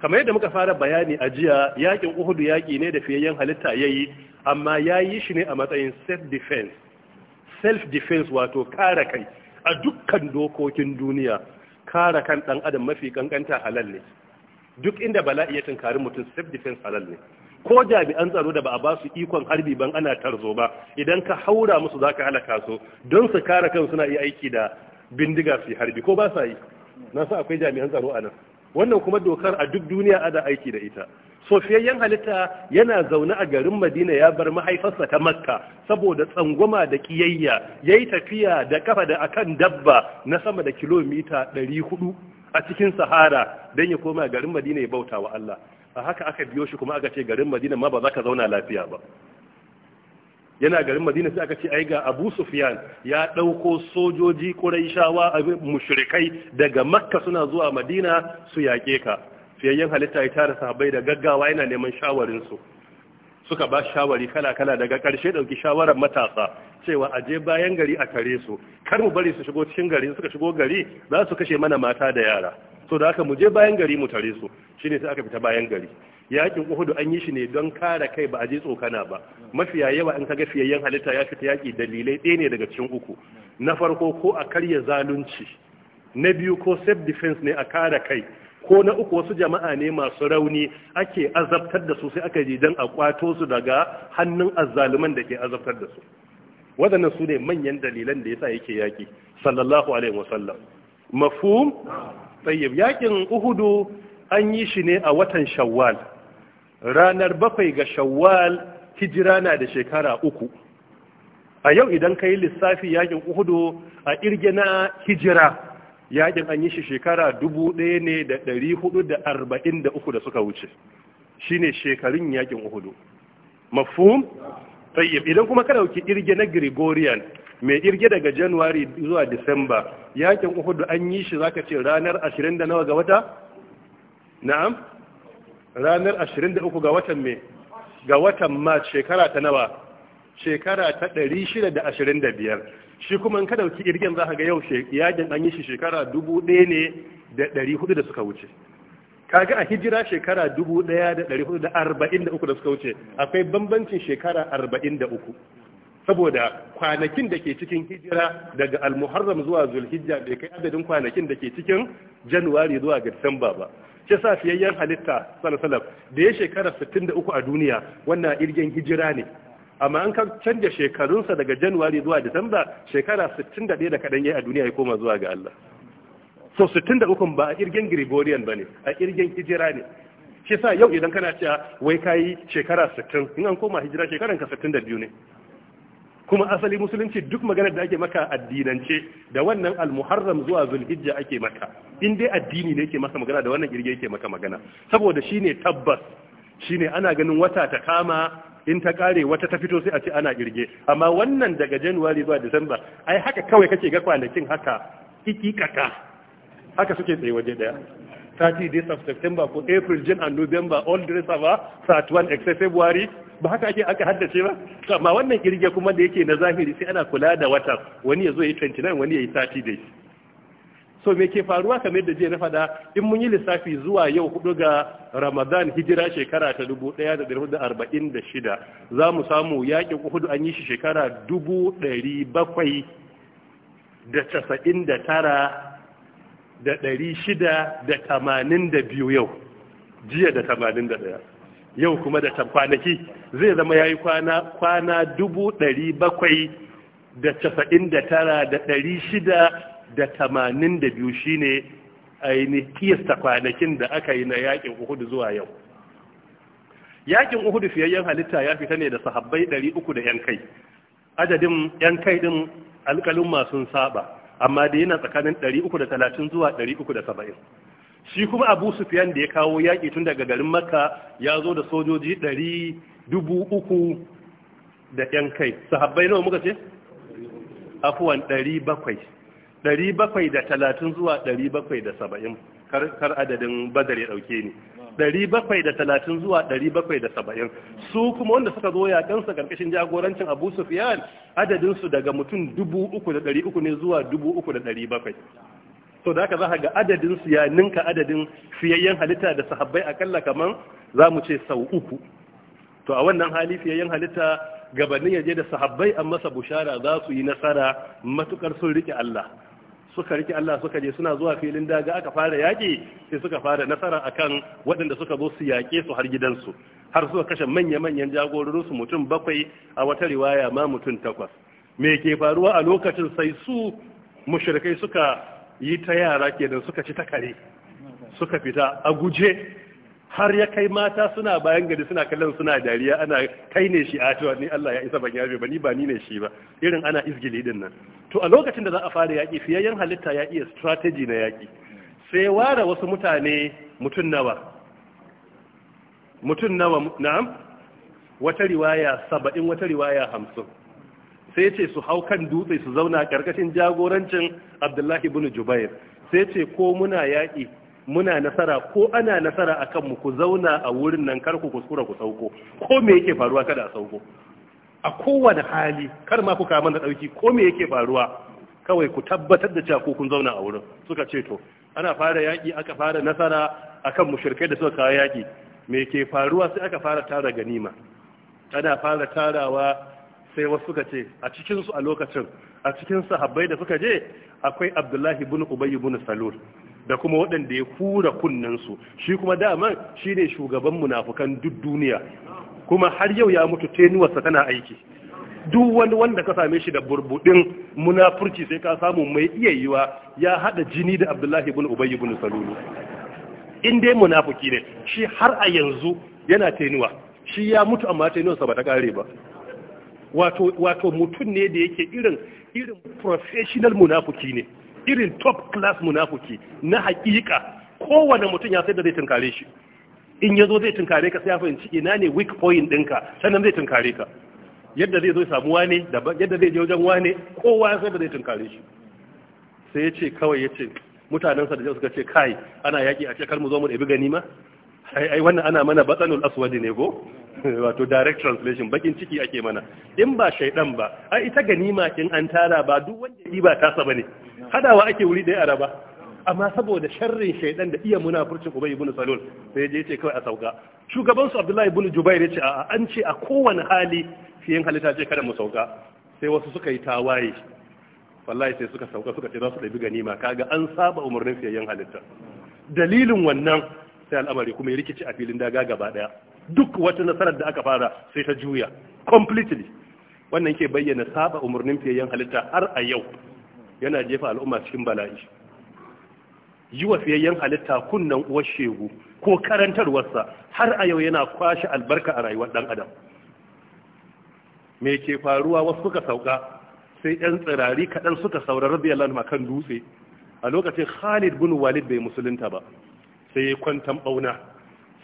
kamar yadda muka fara bayani a jiya yakin uhudu yaki ne da fiyayyen halitta ya yi amma ya yi shi ne a matsayin self-defense self-defense wato kare kai a dukkan dokokin duniya kara kan ɗan adam mafi kankanta halal ne duk inda bala'i ya tunkari mutum self-defense halal ne ko jami'an tsaro da ba a ba ikon harbi ban ana tarzo ba idan ka haura musu za ka halaka su don su kare kan suna iya aiki da bindiga su harbi ko ba sa yi na sa akwai jami'an tsaro a nan wannan kuma dokar a duk duniya ada aiki da ita sofiyayyen halitta yana zaune a garin madina ya bar mahaifarsa ta makka saboda tsangwama da kiyayya ya yi tafiya da kafa da akan dabba na sama da kilomita 400 a cikin sahara don ya koma garin madina ya bauta wa allah a haka aka biyo shi kuma aka ce garin madina ma ba za ka zauna lafiya ba yana garin madina sai aka ce ai ga abu sufyan ya ɗauko sojoji ƙuraishawa a mushrikai daga makka suna zuwa madina su yaƙe ka fiyayyen halitta ya tara sahabbai da gaggawa yana neman shawarinsu suka ba shawari kala-kala daga ƙarshe ɗauki shawarar matasa cewa a je bayan gari a kare su kar mu bari su shigo cikin gari suka shigo gari za su kashe mana mata da yara so da haka mu je bayan gari mu tare su shine sai aka fita bayan gari Yaƙin uhudu an yi shi ne don kare kai ba a je tsokana ba mafiya yawa in ka kaga fiyayyen halitta ya fita yaki dalilai ɗaya ne daga cikin uku na farko ko a karya zalunci na biyu ko self defense ne a kare kai ko na uku wasu jama'a ne masu rauni ake azabtar da su sai aka je don a kwato su daga hannun azzaluman da ke azabtar da su waɗannan su ne manyan dalilan da yasa yake yaki sallallahu alaihi wasallam mafhum tayyib yakin uhudu an yi shi ne a watan shawwal ranar bakwai ga shawwal hijira na da shekara uku a yau idan ka yi lissafi yakin uhudu a irge na hijira yakin an yi shi shekara dubu ɗaya ne da ɗari hudu da arba'in da uku da suka wuce shine shekarun yakin uhudu mafhum tayyib idan kuma ka dauki irge na gregorian mai irge daga january zuwa Disamba yakin uhudu an yi shi zaka ce ranar 20 da nawa ga wata na'am ranar 23 ga watan mai ga watan march shekara ta nawa shekara ta 625 shi kuma in ka dauki irgen za ka ga yau yajin an yi shi shekara 1000 ne da 400 da suka wuce kaga a hijira shekara 1443 da suka wuce akwai bambancin shekara 43 saboda kwanakin da ke cikin hijira daga almuharram zuwa zulhijja bai kai adadin kwanakin da ke cikin januwari zuwa ga disamba ba ke sa fiyayyen halitta salasalam da ya shekara 63 a duniya wannan irgen hijira ne amma an kan canja shekarunsa daga januwari zuwa disamba shekara 61 da kaɗan a duniya ya koma zuwa ga Allah so 63 ba a irgen gregorian ba ne a irgen hijira ne ke sa yau idan kana cewa wai kayi shekara 60 in an koma hijira shekaranka 62 ne kuma asali musulunci duk maganar da ake maka addinance da wannan almuharram zuwa zulhijja ake maka in dai addini ne yake maka magana da wannan girge yake maka magana saboda shine tabbas shine ana ganin wata ta kama in ta kare wata ta fito sai a ce ana kirge amma wannan daga january zuwa december ai haka kawai kake ga kwanakin haka ikikaka haka suke tsaye waje daya 30 days of september ko april june and november all the rest of 31 except february ba haka ake aka haddace ba amma wannan kirge kuma da yake na zahiri sai ana kula da wata wani ya zo ya yi 29 wani ya yi 30 days so me ke faruwa kamar da jiya na faɗa in mun yi lissafi zuwa yau hudu ga ramadan hijira shekara ta 1446 za mu samu yakin uhudu an yi shi shekara 799 da 682 yau jiya da 81 yau kuma da can zai zama ya yi kwana kwana dubu ɗari bakwai da casa'in da tara da ɗari shida da tamanin da biyu shi ne kwanakin da aka yi na yakin uhudu zuwa yau yakin uhudu fiyayyen halitta ya fita ne da sahabbai ɗari uku da yan kai adadin yan kai ɗin alƙalin masu saba amma da yana tsakanin ɗari uku da talatin zuwa ɗari uku da saba'in shi kuma abu sufiyan da ya kawo yaƙi tun daga garin makka ya zo da sojoji ɗari dubu uku da ƴan kai sahabbai nawa muka ce? afuwan ɗari bakwai ɗari bakwai da talatin zuwa ɗari bakwai da saba'in kar adadin badar ya ɗauke ni ɗari bakwai da talatin zuwa ɗari bakwai da saba'in su kuma wanda suka zo yaƙansa ƙarƙashin jagorancin abu sufiyan adadinsu daga mutum dubu uku da ɗari uku ne zuwa dubu uku da ɗari bakwai so da haka za ka ga adadin su ya adadin fiyayyen halitta da sahabbai akalla kaman za mu ce sau uku to a wannan hali fiyayyen halitta gabanin ya je da sahabbai an masa bushara za su yi nasara matukar sun rike Allah suka rike Allah suka je suna zuwa filin daga aka fara yaƙi sai suka fara nasara akan waɗanda suka zo su yaƙe su har gidansu har suka kashe manya-manyan su mutum bakwai a wata riwaya ma mutum takwas me ke faruwa a lokacin sai su mushrikai suka yi ta yara kenan suka ci ta kare suka fita a guje har ya kai mata suna bayan gari suna kallon suna dariya ana kai ne shi a cewa ni Allah ya isa ban yabe ba ni ba ni ne shi ba irin ana izgili din nan to a lokacin da za a fara yaki fiyayyen halitta ya iya strategy na yaki sai ware wasu mutane mutun nawa mutun nawa na'am wata riwaya 70 wata riwaya hamsin? sai ce su hau kan dutse su zauna karkashin jagorancin abdullahi ibn jubair sai ce ko muna yaƙi muna nasara ko ana nasara a kanmu ku zauna a wurin nan kar ku kuskura ku sauko ko me yake faruwa kada a sauko a kowane hali kar ma ku kama da ɗauki ko me yake faruwa kawai ku tabbatar da cewa kun zauna a wurin suka ce to ana fara yaƙi aka fara nasara akan mushrikai da suka kawo yaƙi me ke faruwa sai aka fara tara ganima ana fara tarawa sai wasu suka ce a cikinsu a lokacin a cikin sahabbai da suka je akwai abdullahi bin ubay bin salul da kuma waɗanda ya kura kunnensu shi kuma daman shi ne shugaban munafukan duk duniya kuma har yau ya mutu tenuwarsa tana aiki duk wani wanda ka same shi da burbuɗin munafurci sai ka samu mai iya yiwa ya haɗa jini da abdullahi bin ubay bin salul in dai munafuki ne shi har a yanzu yana tenuwa shi ya mutu amma tenuwarsa ba ta kare ba wato wato mutum ne da yake irin irin professional munafuki ne irin top class munafuki na hakika kowane mutum ya sai da zai tunkare shi in ya zo zai tunkare ka sai ya fahimci ina ne weak point ɗinka sannan zai tunkare ka yadda zai zo samu wane yadda zai je wajen wane kowa ya sai da zai tunkare shi sai ya ce kawai ya ce mutanensa da suka ce kai ana yaƙi a ce kar mu zo mu ɗabi ganima ai wannan ana mana batsalul aswadi ne go wato direct translation bakin ciki ake mana in ba shaydan ba ai ita ganima kin an tara ba duk wanda yi ba tasa bane hadawa ake wuri da araba amma saboda sharrin shaydan da iya munafurcin ubay ibn salul sai je ce kawai a sauka shugaban su abdullahi ibn jubair ya ce a an ce a kowane hali fiyin halitta ce kada mu sauka sai wasu suka yi tawaye wallahi sai suka sauka suka ce za su ɗabi ganima kaga an saba umarnin yin halitta dalilin wannan sai al'amari kuma ya rikici a filin daga gaba daya duk wata nasarar da aka fara sai ta juya completely wannan ke bayyana saba umarnin fiyayyen halitta har a yau yana jefa al'umma cikin bala'i yi wa fiyayyen halitta kunnan uwar shegu ko karantarwarsa har a yau yana kwashe albarka a rayuwar dan adam me ke faruwa wasu suka sauka sai yan tsirari kaɗan suka saurari biyar anhu kan dutse a lokacin Khalid bin Walid bai musulunta ba sai kwantan bauna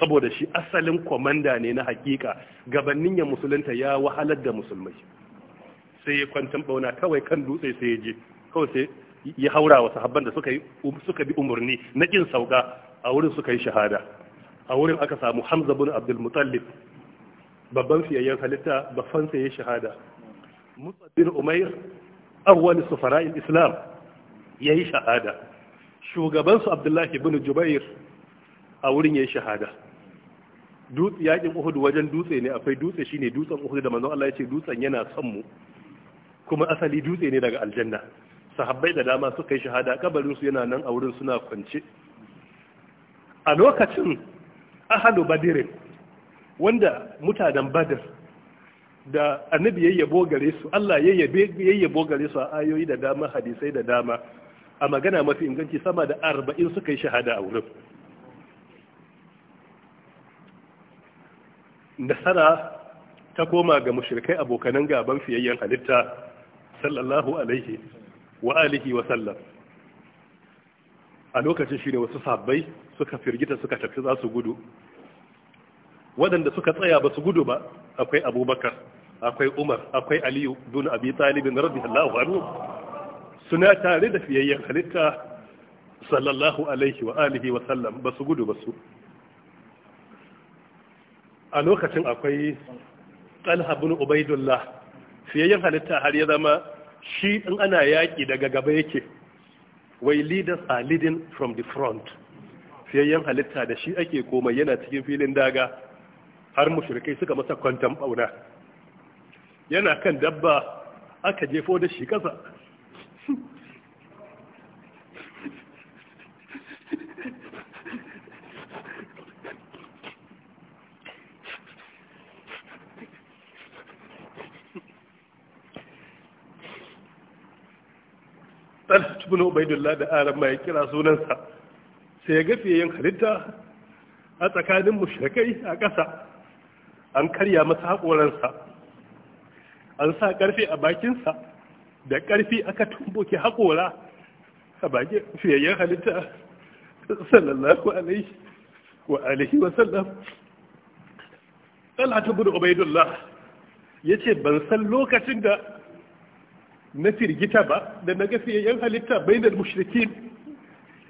saboda shi asalin komanda ne na hakika gabanin ya musulunta ya wahalar da musulmai sai ya kwantan bauna kawai kan dutse sai ya je kawai sai ya haura wa sahabban da suka yi suka bi umarni na kin sauka a wurin suka yi shahada a wurin aka samu Hamza bin Abdul Muttalib babban fiyayyen halitta babban sai ya shahada Mus'ab bin Umair awwal sufara'il Islam yayi shahada shugaban su Abdullahi bin Jubair a wurin yi shahada dutse yakin Uhud wajen dutse ne akwai dutse shine dutsen Uhud da manzon Allah ya dutsen yana son mu kuma asali dutse ne daga aljanna sahabbai da dama suka yi shahada kabarin su yana nan a wurin suna kwance a lokacin ahlu badirin wanda mutanen badir da annabi yayyabo gare su Allah yayyabo gare su a ayoyi da dama hadisai da dama a magana mafi inganci sama da arba'in suka yi shahada a wurin nasara ta koma ga mushrikai abokanan gaban fiyayyen halitta sallallahu alaihi wa alihi wa sallam a lokacin shi ne wasu sabbai suka firgita suka tafi za su gudu waɗanda suka tsaya ba su gudu ba akwai abubakar akwai umar akwai aliyu dun abi talibin radiyallahu anhu suna tare da fiyayyen halitta sallallahu alaihi wa alihi wa sallam ba su gudu ba su a lokacin akwai talha bin ubaidullah fiyayyen halitta har ya zama shi in ana yaƙi daga gaba yake wai leaders are leading from the front fiyayyen halitta da shi ake komai yana cikin filin daga har mushrikai suka masa kwantan ɓauna. yana kan dabba aka jefo da shi ƙasa tsalat bin ubaidullah da aran mai kira sunansa sai ya gafe yin halitta a tsakanin mushrikai a ƙasa an karya masa haƙoransa an sa ƙarfe a bakinsa da ƙarfi aka tumboke haƙora a bakin fiyayyen halitta sallallahu alaihi wa alihi wa sallam tsalat bin ubaidullah ya ce ban san lokacin da na firgita ba da na yan halitta bai da mushrikin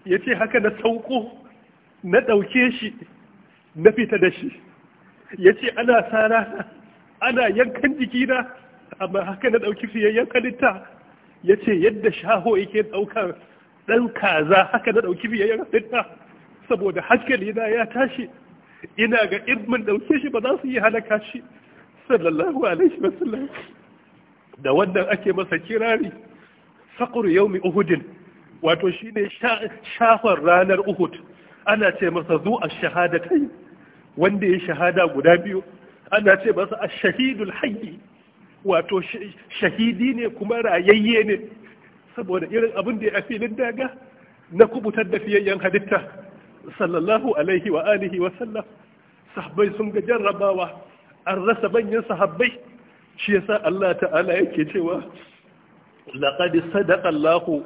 ya ce haka na sauko na ɗauke shi na fita da shi ya ce ana sara ana yankan jikina amma haka na ɗauki fiyayyen halitta ya ce yadda shaho yake ɗaukar ɗan kaza haka na ɗauki fiyayyen halitta saboda hankali ya tashi ina ga in ɗauke shi ba za su yi halaka shi sallallahu alaihi wasallam da wannan ake masa kirari sakuru yaumi uhudin wato ne shafar ranar uhud ana ce masa zu a kai, wanda ya shahada guda biyu ana ce masa a shahidul hayyi wato shahidi ne kuma rayayye ne saboda irin abin da ya filin daga na kubutar da fiyayyen halitta sallallahu alaihi wa alihi wa sallam sahabbai sun ga jarrabawa an rasa manyan sahabbai shi yasa Allah ta'ala yake cewa laqad sadaqa Allahu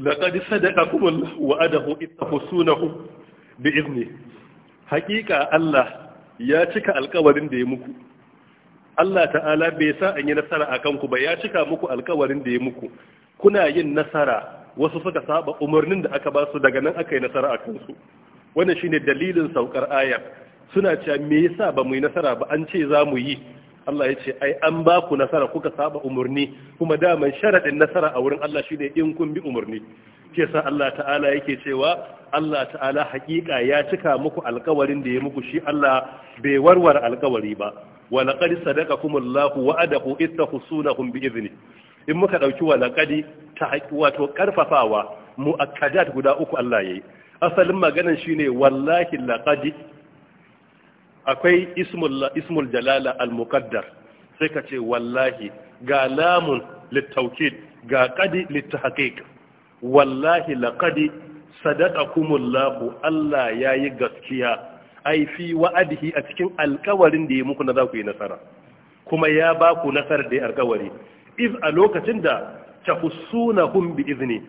لقد صدقكم الله وعده إذ تحسونه بإذنه haƙiƙa Allah ya cika alkawarin da ya muku Allah ta'ala bai sa an yi nasara a kanku ba ya cika muku alkawarin da ya muku kuna yin nasara wasu suka saba umarnin da aka ba su daga nan aka yi nasara a kansu wannan shine dalilin saukar aya suna cewa me yasa ba mu yi nasara ba an ce za mu yi Allah ya ce ai an ba ku nasara kuka saba umarni kuma da daman sharadin nasara a wurin Allah shine in kun bi umarni ke sa Allah ta'ala yake cewa Allah ta'ala hakika ya cika muku alkawarin da ya muku shi Allah bai warware alkawari ba wa laqad sadaqakumullahu wa'adahu ittaqusunahum bi izini. in muka ɗauki walaƙadi ta wato ƙarfafawa mu'akkadat guda uku Allah ya yi asalin maganan shine wallahi laƙadi akwai ismul jalala al-muqaddar sai ka ce wallahi ga lamun littaukid ga ƙadi littahaƙiƙ wallahi laƙadi sadaqakumullahu Allah ya yi gaskiya ai fi wa'adihi a cikin alƙawarin da ya muku na za ku yi nasara kuma ya ba ku nasarar da ya alƙawari iz a lokacin da ta hun bi izni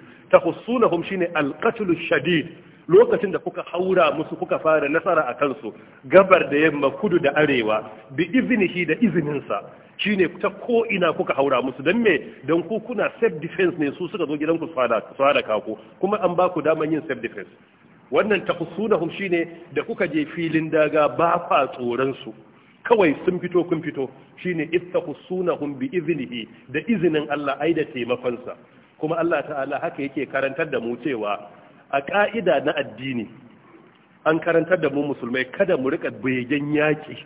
hun shine alqatlu shadid lokacin da kuka haura musu kuka fara nasara a kansu gabar da yamma kudu da arewa bi shi da izininsa shine ta ko ina kuka haura musu dan me dan ku kuna self defense ne su suka zo gidan ku su hada kaku kuma an ba ku daman yin self defense wannan ta hun shine da kuka je filin daga ba fa tsoron su kawai sun fito kun fito shine ittaqusunahum bi iznihi da izinin Allah ai da taimakonsa kuma Allah ta'ala haka yake karantar da mu cewa a ka'ida na addini an karantar da mu musulmai kada mu rika begen yaki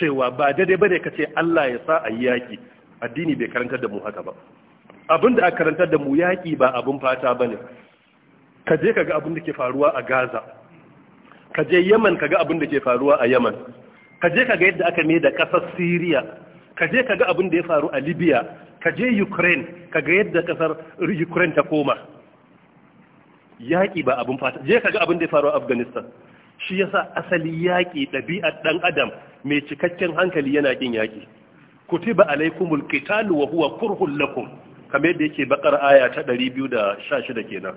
cewa ba daidai bane kace Allah ya sa ayi yaki addini bai karantar da mu haka ba abinda aka karantar da mu yaki ba abun fata bane ka je kaga abin da ke faruwa a Gaza ka je Yemen kaga abin da ke faruwa a Yaman. ka je ka ga yadda aka mai da kasar Syria ka je ka ga abin da ya faru a Libya ka je Ukraine ka ga yadda ƙasar Ukraine ta koma yaƙi ba abin fata je ka ga abin da ya faru a Afghanistan shi yasa asali yaƙi ɗabi'ar ɗan adam mai cikakken hankali yana ƙin yaƙi kutiba alaikumul qitalu wa huwa kurhun lakum kamar yadda yake bakar aya ta ɗari biyu da 216 kenan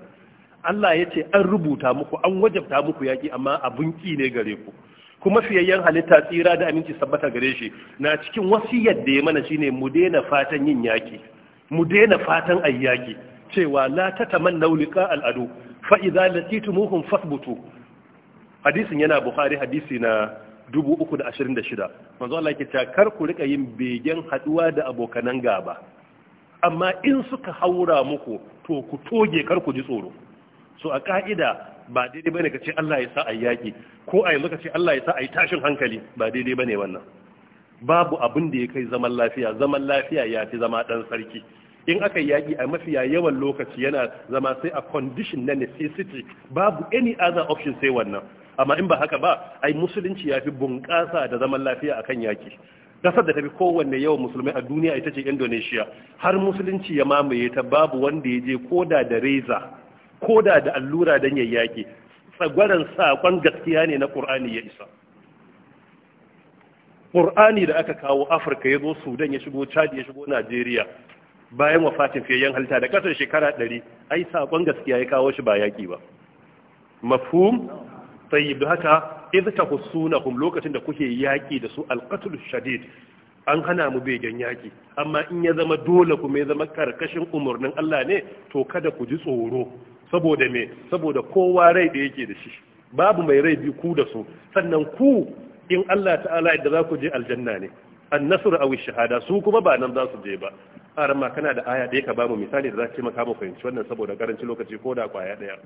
Allah ya ce an rubuta muku an wajabta muku yaƙi amma abun ƙi ne gare ku kuma fiyayyen halitta tsira da aminci sabbata gare shi na cikin wasu yadda ya mana shine mu daina fatan yin yaki mu daina fatan ayyaki. cewa la tatamannu liqa al'adu fa idza latitumuhum fasbutu hadisin yana bukhari hadisi na 326 manzo Allah yake cewa kar ku rika yin begen haduwa da abokanan gaba amma in suka haura muku to ku toge kar ku ji tsoro so a ƙa'ida ba daidai bane ka ce Allah ya sa a yaƙi ko a yanzu ka ce Allah ya sa a yi tashin hankali ba daidai bane wannan babu abin da ya kai zaman lafiya zaman lafiya ya fi zama ɗan sarki in aka yaƙi a mafiya yawan lokaci yana zama sai a condition na necessity babu any other option sai wannan amma in ba haka ba ai musulunci ya fi bunƙasa da zaman lafiya a kan yaƙi Ƙasar da ta fi kowanne yawan musulmai a duniya ita ce indonesia har musulunci ya mamaye ta babu wanda ya je koda da reza koda da allura don yayyake tsagwaran saƙon gaskiya ne na ƙur'ani ya isa ƙur'ani da aka kawo afirka ya zo sudan ya shigo chad ya shigo najeriya bayan wafatin fiyayyen halitta da ƙasar shekara ɗari ai saƙon gaskiya ya kawo shi ba yaƙi ba mafhum tayyib da haka idh tahsunahum lokacin da kuke yaƙi da su alqatul shadid an hana mu begen yaƙi amma in ya zama dole kuma ya zama karkashin umarnin Allah ne to kada ku ji tsoro saboda me saboda kowa rai da yake da shi babu mai rai biyu ku da su sannan ku in Allah ta'ala da za ku je aljanna ne annasru aw shahada su kuma ba nan za su je ba aran ma kana da aya ɗaya ka ba mu misali da za ka taimaka mu fahimci wannan saboda karanci lokaci ko da kwaya ɗaya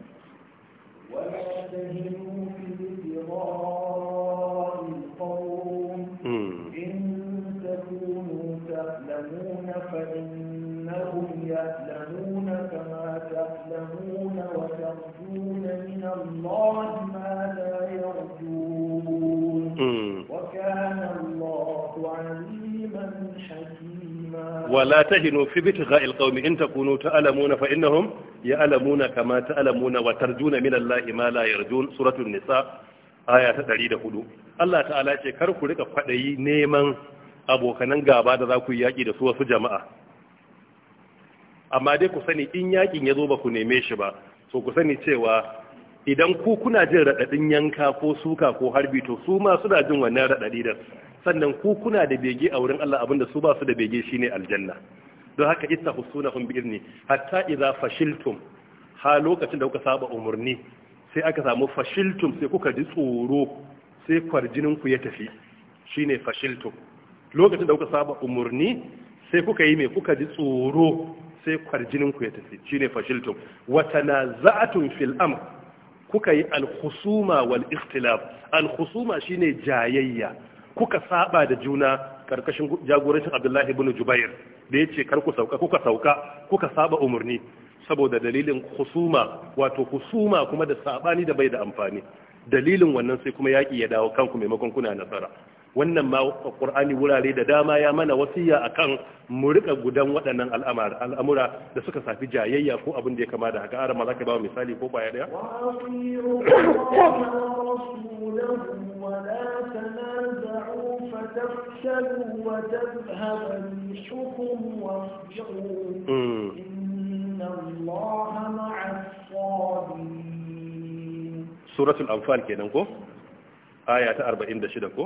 ولا تهنوا في ابتغاء القوم ان تكونوا تعلمون فانهم يعلمون كما تعلمون وترجون من الله ما لا يرجون سوره النساء ايه 104 الله تعالى ce kar ku rika fadayi neman abokanan gaba da za ku yaki da su wasu jama'a amma dai ku sani in yakin ya zo ba ku neme shi ba so ku sani cewa idan ku kuna jin raɗaɗin yanka ko suka ko harbi to su ma suna jin wannan raɗaɗi da sannan ku kuna da bege a wurin Allah abinda su ba su da bege shine aljanna don haka ita husuna bi irni hatta idza fashiltum ha lokacin da kuka saba umurni sai aka samu fashiltum sai kuka ji tsoro sai kwarjinin ku ya tafi shine fashiltum lokacin da kuka saba umurni sai kuka yi mai kuka ji tsoro sai kwarjinin ku ya tafi shine fashiltum wa tanaza'atun fil amr kuka yi alhusuma wal ikhtilaf alhusuma shine jayayya kuka saba da juna karkashin jagorancin Abdullahi ibn Jubair da yace kar ku sauka kuka sauka kuka saba umurni saboda dalilin husuma wato husuma kuma da sabani da bai da amfani dalilin wannan sai kuma yaki ya dawo kanku maimakon kuna nasara wannan ma ƙur'ani wurare da dama ya mana wasiya akan mu rika gudan waɗannan al'amura da suka safi jayayya ko abin da ya kama da haka ara ma zaka ba misali ko baya daya hmm. suratul anfal kenan ko aya ta arba'in da shida ko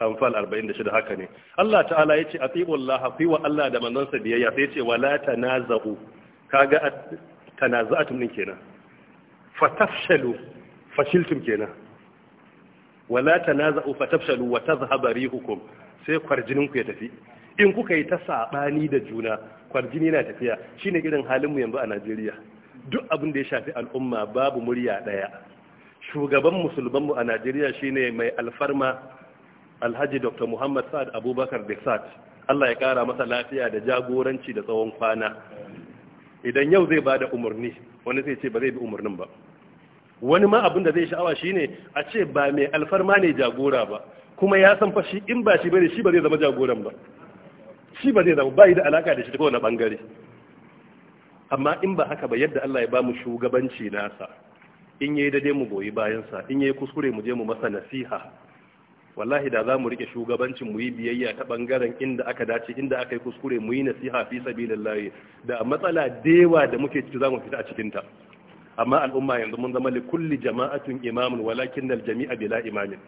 anfal 46 haka ne Allah ta'ala yace atiullaha fi wa Allah da manzansa biyayya sai yace wala tanazahu kaga tanaza'atum din kenan fatafshalu fashiltum kenan wala tanaza'u fatafshalu wa tadhhab rihukum sai kwarjinin ku ya tafi in kuka yi ta sabani da juna kwarjini na tafiya shine irin halin mu yanzu a Najeriya duk abin da ya shafi al'umma babu murya daya shugaban musulman mu a Najeriya shine mai alfarma alhaji dr muhammad sa'ad abubakar desat allah ya kara masa lafiya da jagoranci da tsawon kwana idan yau zai ba da umarni wani zai ce ba zai bi umarnin ba wani ma abin da zai sha'awa shine a ce ba mai alfarma ne jagora ba kuma ya san fashi in ba shi bane shi ba zai zama jagoran ba shi ba zai zama ba yi da alaka da shi ta kowane bangare amma in ba haka ba yadda Allah ya ba mu shugabanci nasa in yi dade mu goyi bayansa in yi kuskure mu je mu masa nasiha wallahi da za mu rike shugabancin mu yi biyayya ta bangaren inda aka dace inda aka yi kuskure mu yi nasiha fi sabilillahi da matsala dewa da muke ciki za mu fita a cikin ta amma al'umma yanzu mun zama li kulli jama'atin imamun walakin al jami'a bila imamin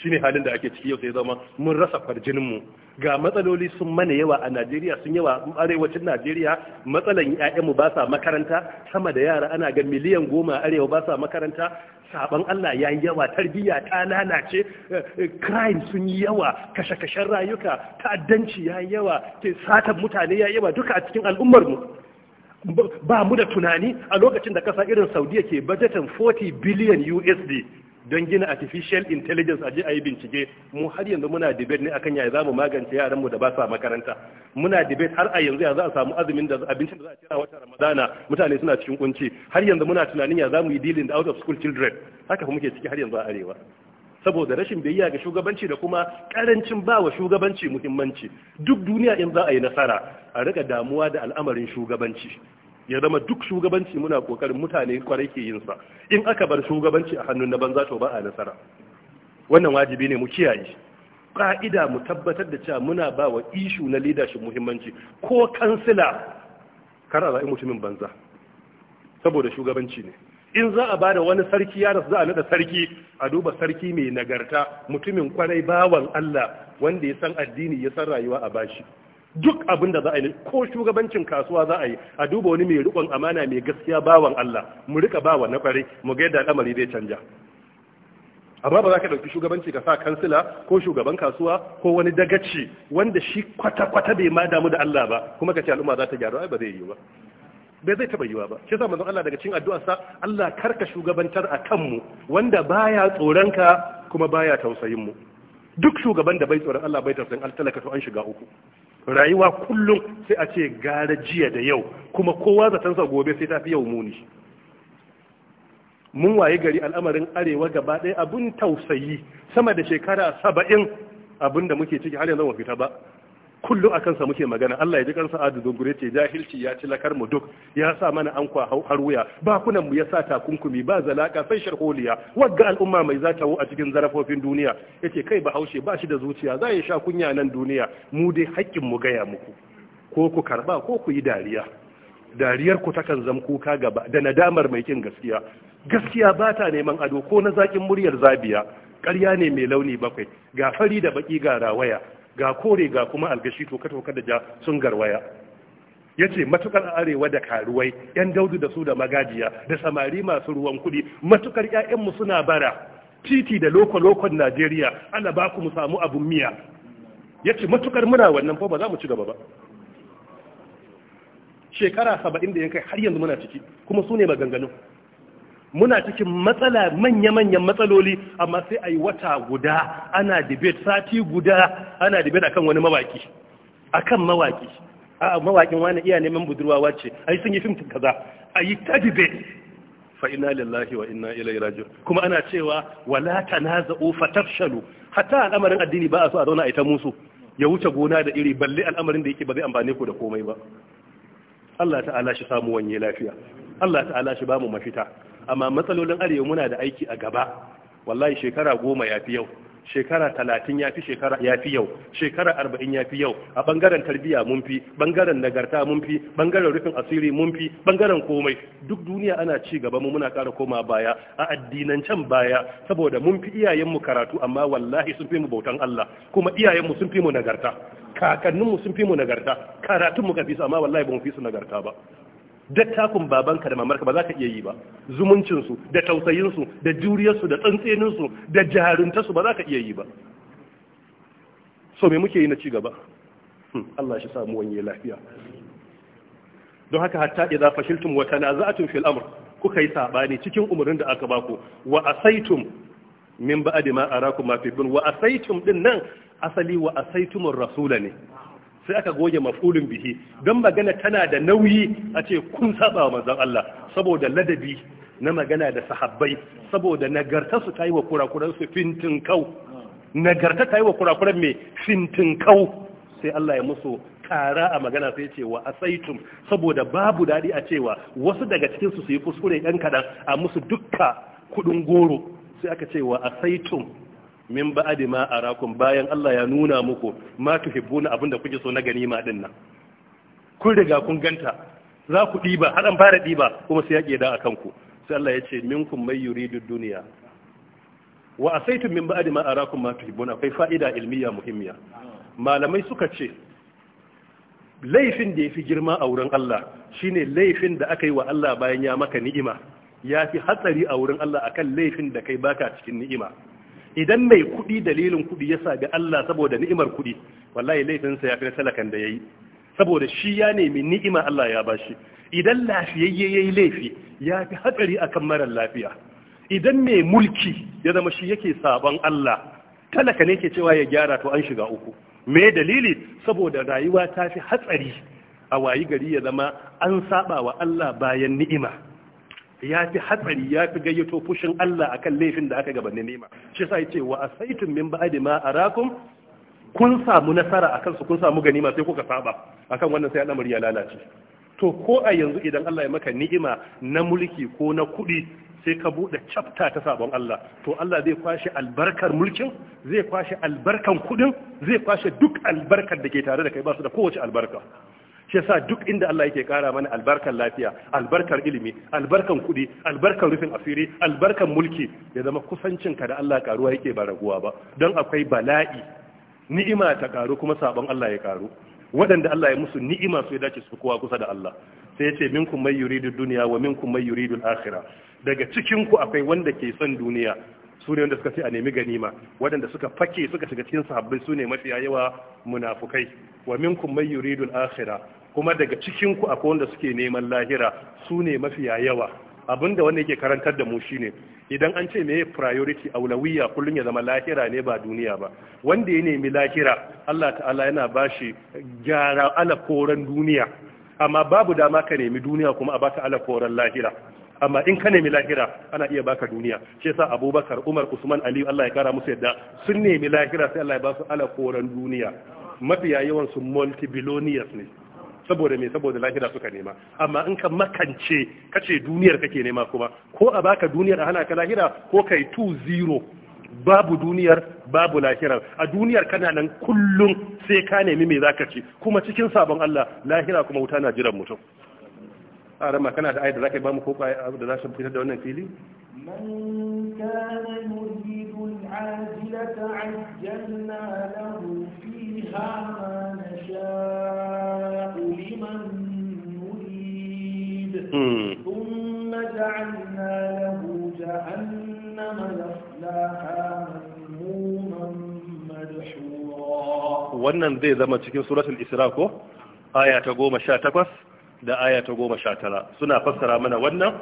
shine halin da ake ciki yau sai zama mun rasa farjinin mu ga matsaloli sun mana yawa a Najeriya sun yawa arewacin Najeriya matsalan mu ba sa makaranta sama da yara ana ga miliyan goma arewa ba sa makaranta saban Allah ya yi yawa tarbiyya ta lalace crime sun yi yawa kashe-kashen rayuka ta'addanci ya yi yawa satan mutane ya yi yawa duka a cikin al'ummarmu ba mu da tunani a lokacin da kasa irin saudiya ke budgetin 40 billion usd don gina artificial intelligence a ji a yi bincike mu har yanzu muna debate ne akan yaya za mu magance yaranmu da ba sa makaranta muna debate har a yanzu ya za a samu azumin da abincin da za a ci a wata ramadana mutane suna cikin kunci har yanzu muna tunanin ya za mu yi dealing da out of school children haka fa muke ciki har yanzu a arewa saboda rashin biyayya ga shugabanci da kuma karancin bawa shugabanci muhimmanci duk duniya in za a yi nasara a rika damuwa da al'amarin shugabanci ya zama duk shugabanci muna kokarin mutane kwarai ke yin sa in aka bar shugabanci a hannun na banza to ba a nasara wannan wajibi ne mu kiyaye ka'ida mu tabbatar da cewa muna ba wa ishu na leadership muhimmanci ko kansila kar a zaɓi mutumin banza saboda shugabanci ne in za a bada wani sarki ya rasu za a nada sarki a duba sarki mai nagarta mutumin kwarai bawan Allah wanda ya san addini ya san rayuwa a bashi duk abin da za a yi ko shugabancin kasuwa za a yi a duba wani mai rikon amana mai gaskiya bawan Allah mu rika bawa na kware mu ga yadda al'amari zai canja amma ba za ka ɗauki shugabanci ka sa kansila ko shugaban kasuwa ko wani dagaci wanda shi kwata-kwata bai ma damu da Allah ba kuma ka ce al'umma za ta gyaru ai ba zai yi ba bai zai taba yiwa ba shi yasa manzon Allah daga cikin addu'arsa Allah karka shugabantar a kanmu wanda baya tsoron ka kuma baya tausayin mu duk shugaban da bai tsoron Allah bai tausayin altalaka to an shiga uku rayuwa kullum sai a ce gara jiya da yau kuma kowa sa gobe sai ta fi yau muni mun waye gari al'amarin arewa gaba ɗaya abun tausayi sama da shekara saba'in abin da muke ciki har yanzu fita ba kullu a kansa muke magana Allah ya ji kansa adu gure ce jahilci ya ci lakar mu duk ya sa mana an kwa har wuya ba kunan mu ya sa takunkumi ba zalaka sai sharholiya wagga al'umma mai zata a cikin zarafofin duniya yace kai ba haushe ba shi da zuciya za ya sha kunya nan duniya mu dai haƙƙin mu gaya muku ko ku karba ko ku yi dariya dariyar ku takan zam kuka gaba da nadamar mai kin gaskiya gaskiya ba ta neman ado ko na zakin muryar zabiya ƙarya ne mai launi bakwai ga fari da baki ga rawaya ga kore ga kuma algashi to kato da ja sun garwaya ya ce matukar arewa da karuwai yan daudu da su da magajiya da samari masu ruwan kudi matukar 'ya'yanmu suna bara titi da loko-lokon najeriya ana ba ku mu samu abun miya ya ce matukar muna wannan fa ba za mu ci gaba ba shekara saba'in da ya kai har yanzu muna ciki kuma su ne maganganun muna cikin matsala manya-manyan matsaloli amma sai a yi wata guda ana debate sati guda ana debate akan wani mawaki akan mawaki a mawakin wani iya neman budurwa wace, a yi sun yi fim kaza a yi ta debate fa ina lillahi wa ina ilai raji'un kuma ana cewa wala tanaza'u fatafshalu hatta al'amarin addini ba a so a zauna a ita musu ya wuce gona da iri balle al'amarin da yake ba zai amfane ku da komai ba Allah ta'ala shi samu wanye lafiya Allah ta'ala shi ba mu mafita amma matsalolin arewa muna da aiki a gaba wallahi shekara goma ya fi yau shekara talatin ya fi shekara ya fi yau shekara arba'in ya fi yau a bangaren tarbiyya mun fi bangaren nagarta mun fi bangaren rufin asiri mun fi bangaren komai duk duniya ana ci gaba mu muna ƙara koma baya a can baya saboda mun fi iyayenmu karatu amma wallahi sun fi mu bautan Allah kuma iyayenmu sun fi mu nagarta kakanninmu sun fi mu nagarta karatunmu ka fi su amma wallahi ba mu fi su nagarta ba takun babanka da mamarka ba za ka iya yi ba zumuncinsu da tausayinsu da juriyarsu da tsantseninsu da jaruntarsu ba za ka iya yi ba so mai muke yi na cigaba hmm, Allah shi samu wanye lafiya don haka hatta idza fashiltum wa tanaza'tum fil amr kuka yi sabani cikin umarnin da aka bako wa asaitum min ba'di ma arakum ma fi wa asaitum din nan asali wa asaitumur rasula ne sai aka goge maf'ulun bihi don magana tana da nauyi a ce kun saba manzon Allah saboda ladabi na magana da sahabbai saboda nagarta su ta yi wa kurakuran su fintin kau nagarta ta yi wa kurakuran mai fintin kau sai Allah ya musu kara a magana sai ce wa asaitum saboda babu daɗi a cewa wasu daga cikin su su yi kuskure ɗan kaɗan a musu dukka kuɗin goro sai aka ce wa asaitum min ba'di ma arakum bayan Allah ya nuna muku ma tuhibbuna abinda kuke so na ganima din nan kun riga kun ganta za ku diba har an fara diba kuma sai ya da akan ku sai Allah ya ce minkum may yuridu dunya wa asaitu min ba'di ma arakum ma tuhibbuna akwai fa'ida ilmiya muhimmiya malamai suka ce laifin da yafi girma a wurin Allah shine laifin da aka yi wa Allah bayan ya maka ni'ima ya fi hatsari a wurin Allah akan laifin da kai baka cikin ni'ima idan mai kuɗi dalilin kuɗi ya sa ga Allah saboda ni'imar kuɗi wallahi laifinsa ya fi talakan da yayi saboda shi ya nemi ni'ima Allah ya bashi idan lafiyayye yayi laifi ya fi hatsari akan marar lafiya idan mai mulki ya zama shi yake sabon Allah talaka ne ke cewa ya gyara to an shiga uku me dalili saboda rayuwa ta fi hatsari a wayi gari ya zama an saba wa Allah bayan ni'ima ya fi hatsari ya fi gayyato fushin Allah akan laifin da aka gabanin nema shi sai yace wa asaitum min ba'di ma arakum kun samu nasara akan su kun samu ganima sai kuka saba akan wannan sai al'amari ya lalace to ko a yanzu idan Allah ya maka ni'ima na mulki ko na kuɗi sai ka buɗe chapter ta sabon Allah to Allah zai kwashe albarkar mulkin zai kwashe albarkan kuɗin zai kwashe duk albarkar da ke tare da kai ba su da kowace albarka shi yasa duk inda Allah yake kara mana albarkar lafiya albarkar ilimi albarkar kuɗi albarkar rufin asiri albarkar mulki ya zama kusancinka da Allah karuwa yake ba raguwa ba don akwai bala'i ni'ima ta karu kuma sabon Allah ya karu waɗanda Allah ya musu ni'ima su ya dace su kowa kusa da Allah sai ya ce minkum may yuridu duniya wa minkum may yuridu al daga cikin ku akwai wanda ke son duniya su ne wanda suka ce a nemi ganima waɗanda suka fake suka shiga cikin sahabbai su ne mafiya yawa munafukai wa minkum may yuridu al kuma daga cikin ku akwai wanda suke neman lahira su ne mafiya yawa da wanda yake karantar da mu shine idan an ce meye priority aulawiya kullum ya zama lahira ne ba duniya ba wanda ya nemi lahira Allah ta'ala yana bashi gyara koran duniya amma babu dama ka nemi duniya kuma a baka koran lahira amma in ka nemi lahira ana iya baka duniya shi yasa Abubakar Umar Usman Ali Allah ya kara musu yadda sun nemi lahira sai Allah ya ba su koran duniya mafiya yawan su multi billionaires ne saboda mai saboda lahira suka nema amma in ka makance kace duniyar kake nema kuma ko a baka duniyar a hana ka lahira ko kai 2-0 babu duniyar babu lahirar a duniyar kana nan kullum sai ka nemi mai zaka ci kuma cikin sabon Allah lahira kuma wuta na jiran mutum a rama kana da da zaka bamu ko da za fitar da wannan fili عجلنا له فيها ما نشاء Hmm. wannan zai zama cikin suratul isra ko aya ta goma sha takwas da aya ta goma sha tara suna fassara mana wannan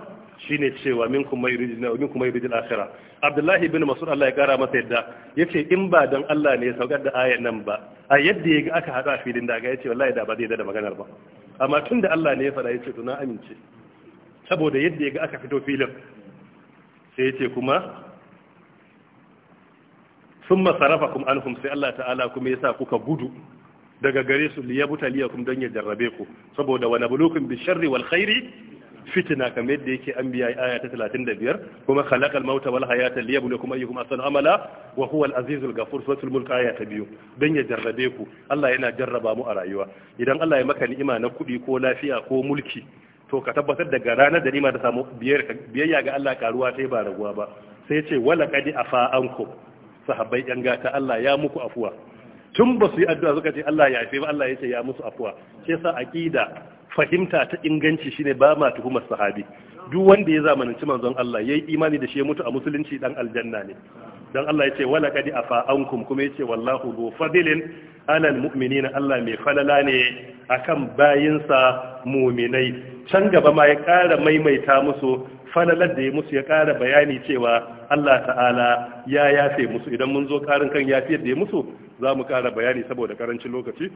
shine cewa minkum mai rijina minkum mai yuridil akhirah abdullahi ibn mas'ud Allah ya kara masa yadda yace in ba dan Allah ne ya saukar da ayan nan ba a yadda yaga aka hada filin daga yace wallahi da ba zai da maganar ba amma tunda Allah ne ya fara yace to na amince saboda yadda ya ga aka fito filin sai ya ce kuma sun masarafa kuma anhum sai Allah ta'ala kuma ya sa kuka gudu daga gare su liya butaliya kuma don ya jarrabe ku saboda wani bulukun bi sharri wal khairi fitina kamar yadda yake an biya aya ta biyar kuma khalaqal mauta wal hayata liyabluwakum ayyukum ahsanu amala wa huwa al azizul ghafur suratul mulk aya ta biyu dan ya jarrabe ku Allah yana jarraba mu a rayuwa idan Allah ya maka ni'ima na kuɗi ko lafiya ko mulki to ka tabbatar daga ranar da nima ta samu biyayya ga Allah karuwa sai ba raguwa ba sai ce wala kadi afa ankum sahabbai yan gata Allah ya muku afuwa tun ba su yi addu'a suka ce Allah ya yafe ba Allah ya ce ya musu afuwa sai sa aqida fahimta ta inganci shine ba ma tuhumar sahabi duk wanda ya zamananci manzon Allah ya yi imani da shi ya mutu a musulunci dan aljanna ne don Allah ya ce wala kadi afa ankum kuma ya ce wallahu bu fadilin alal na Allah mai falala ne a kan bayinsa muminai can gaba ma ya ƙara maimaita musu falalar da ya musu ya ƙara bayani cewa Allah ta'ala ya yafe musu idan mun zo ƙarin kan yafiyar da ya musu za mu ƙara bayani saboda ƙarancin lokaci